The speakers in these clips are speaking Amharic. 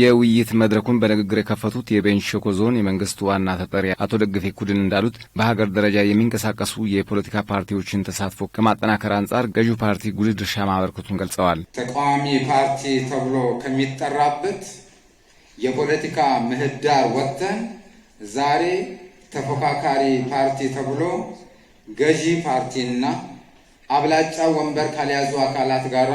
የውይይት መድረኩን በንግግር የከፈቱት የቤንች ሸኮ ዞን የመንግስት ዋና ተጠሪ አቶ ደግፌ ኩድን እንዳሉት በሀገር ደረጃ የሚንቀሳቀሱ የፖለቲካ ፓርቲዎችን ተሳትፎ ከማጠናከር አንጻር ገዢው ፓርቲ ጉልህ ድርሻ ማበርከቱን ገልጸዋል። ተቃዋሚ ፓርቲ ተብሎ ከሚጠራበት የፖለቲካ ምህዳር ወጥተን ዛሬ ተፎካካሪ ፓርቲ ተብሎ ገዢ ፓርቲና አብላጫ ወንበር ካልያዙ አካላት ጋራ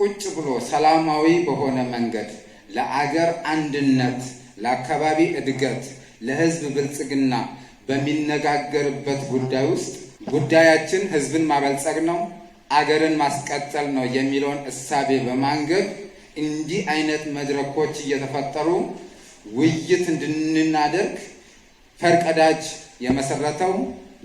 ቁጭ ብሎ ሰላማዊ በሆነ መንገድ ለአገር አንድነት፣ ለአካባቢ እድገት፣ ለህዝብ ብልጽግና በሚነጋገርበት ጉዳይ ውስጥ ጉዳያችን ህዝብን ማበልጸግ ነው፣ አገርን ማስቀጠል ነው የሚለውን እሳቤ በማንገብ እንዲህ አይነት መድረኮች እየተፈጠሩ ውይይት እንድናደርግ ፈርቀዳጅ የመሰረተው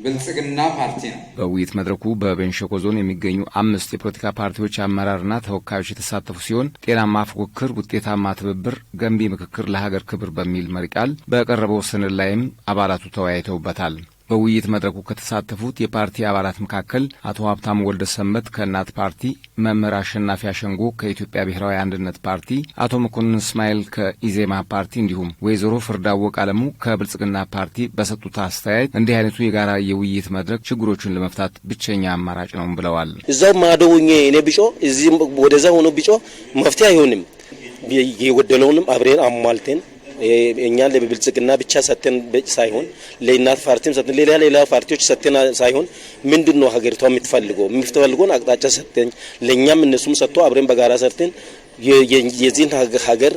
ብልጽግና ፓርቲ ነው። በውይይት መድረኩ በቤንሸኮ ዞን የሚገኙ አምስት የፖለቲካ ፓርቲዎች አመራርና ተወካዮች የተሳተፉ ሲሆን ጤናማ ፉክክር፣ ውጤታማ ትብብር፣ ገንቢ ምክክር ለሀገር ክብር በሚል መሪ ቃል በቀረበው ሰነድ ላይም አባላቱ ተወያይተውበታል። በውይይት መድረኩ ከተሳተፉት የፓርቲ አባላት መካከል አቶ ሀብታም ወልደ ሰንበት ከእናት ፓርቲ፣ መምህር አሸናፊ አሸንጎ ከኢትዮጵያ ብሔራዊ አንድነት ፓርቲ፣ አቶ መኮንን እስማኤል ከኢዜማ ፓርቲ እንዲሁም ወይዘሮ ፍርዳወቅ አለሙ ከብልጽግና ፓርቲ በሰጡት አስተያየት እንዲህ አይነቱ የጋራ የውይይት መድረክ ችግሮችን ለመፍታት ብቸኛ አማራጭ ነው ብለዋል። እዛው ማዶ ሆኜ እኔ ብጮ ወደዛ ሆኖ ብጮ መፍትሄ አይሆንም። የጎደለውንም አብሬን አሟልተን እኛን ለብልጽግና ብቻ ሰተን ሳይሆን ለእናት ፓርቲም ሰተን ሌላ ሌላ ፓርቲዎች ሰተን ሳይሆን ምንድን ነው ሀገሪቷ የምትፈልገው የምትፈልገውን አቅጣጫ ሰተን ለእኛም እነሱም ሰጥቶ አብረን በጋራ ሰርተን የዚህን ሀገር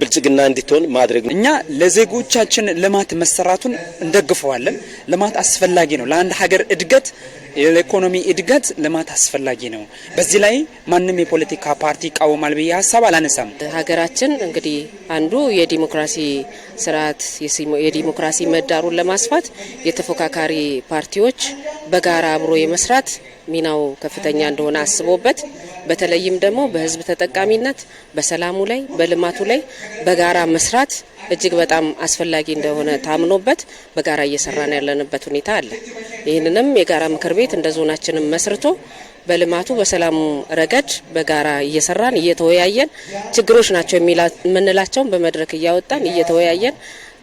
ብልጽግና እንድትሆን ማድረግ ነው። እኛ ለዜጎቻችን ልማት መሰራቱን እንደግፈዋለን። ልማት አስፈላጊ ነው። ለአንድ ሀገር እድገት፣ ለኢኮኖሚ እድገት ልማት አስፈላጊ ነው። በዚህ ላይ ማንም የፖለቲካ ፓርቲ ይቃወማል ብዬ ሀሳብ አላነሳም። ሀገራችን እንግዲህ አንዱ የዲሞክራሲ ስርዓት የዲሞክራሲ ምህዳሩን ለማስፋት የተፎካካሪ ፓርቲዎች በጋራ አብሮ የመስራት ሚናው ከፍተኛ እንደሆነ አስቦበት በተለይም ደግሞ በህዝብ ተጠቃሚነት፣ በሰላሙ ላይ፣ በልማቱ ላይ በጋራ መስራት እጅግ በጣም አስፈላጊ እንደሆነ ታምኖበት በጋራ እየሰራን ያለንበት ሁኔታ አለ። ይህንንም የጋራ ምክር ቤት እንደ ዞናችንም መስርቶ በልማቱ በሰላሙ ረገድ በጋራ እየሰራን እየተወያየን ችግሮች ናቸው የምንላቸውን በመድረክ እያወጣን እየተወያየን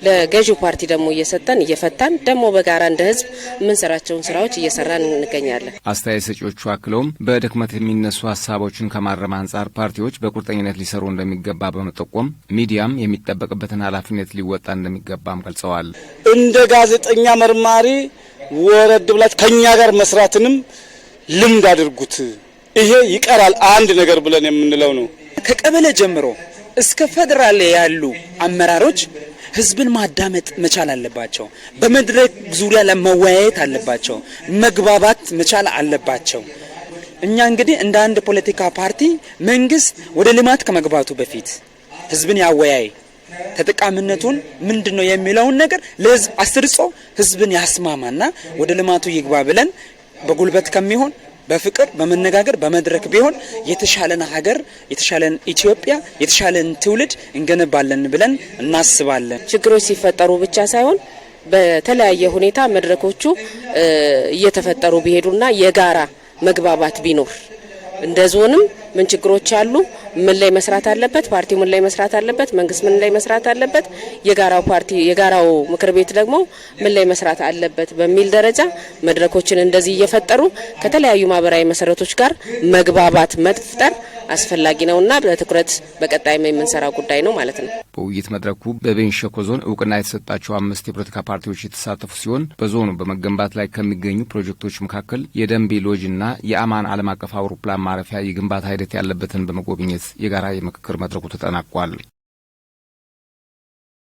ለገዢው ፓርቲ ደግሞ እየሰጠን እየፈታን ደግሞ በጋራ እንደ ህዝብ የምንሰራቸውን ስራዎች እየሰራን እንገኛለን። አስተያየት ሰጪዎቹ አክለውም በድክመት የሚነሱ ሀሳቦችን ከማረም አንጻር ፓርቲዎች በቁርጠኝነት ሊሰሩ እንደሚገባ በመጠቆም ሚዲያም የሚጠበቅበትን ኃላፊነት ሊወጣ እንደሚገባም ገልጸዋል። እንደ ጋዜጠኛ መርማሪ ወረድ ብላችሁ ከኛ ጋር መስራትንም ልምድ አድርጉት። ይሄ ይቀራል አንድ ነገር ብለን የምንለው ነው። ከቀበሌ ጀምሮ እስከ ፌዴራል ያሉ አመራሮች ህዝብን ማዳመጥ መቻል አለባቸው። በመድረክ ዙሪያ ላይ መወያየት አለባቸው። መግባባት መቻል አለባቸው። እኛ እንግዲህ እንደ አንድ ፖለቲካ ፓርቲ መንግስት ወደ ልማት ከመግባቱ በፊት ህዝብን ያወያይ ተጠቃሚነቱን ምንድን ነው የሚለውን ነገር ለህዝብ አስርጾ ህዝብን ያስማማና ወደ ልማቱ ይግባ ብለን በጉልበት ከሚሆን በፍቅር በመነጋገር በመድረክ ቢሆን የተሻለን ሀገር የተሻለን ኢትዮጵያ የተሻለን ትውልድ እንገነባለን ብለን እናስባለን። ችግሮች ሲፈጠሩ ብቻ ሳይሆን በተለያየ ሁኔታ መድረኮቹ እየተፈጠሩ ቢሄዱና የጋራ መግባባት ቢኖር እንደ ዞንም ምን ችግሮች አሉ፣ ምን ላይ መስራት አለበት፣ ፓርቲው ምን ላይ መስራት አለበት፣ መንግስት ምን ላይ መስራት አለበት፣ የጋራው ፓርቲ የጋራው ምክር ቤት ደግሞ ምን ላይ መስራት አለበት በሚል ደረጃ መድረኮችን እንደዚህ እየፈጠሩ ከተለያዩ ማህበራዊ መሰረቶች ጋር መግባባት መፍጠር አስፈላጊ ነው እና በትኩረት በቀጣይም የምንሰራ ጉዳይ ነው ማለት ነው። በውይይት መድረኩ በቤንች ሸኮ ዞን እውቅና የተሰጣቸው አምስት የፖለቲካ ፓርቲዎች የተሳተፉ ሲሆን በዞኑ በመገንባት ላይ ከሚገኙ ፕሮጀክቶች መካከል የደንቤ ሎጅ እና የአማን ዓለም አቀፍ አውሮፕላን ማረፊያ የግንባታ ሂደት ያለበትን በመጎብኘት የጋራ የምክክር መድረኩ ተጠናቋል።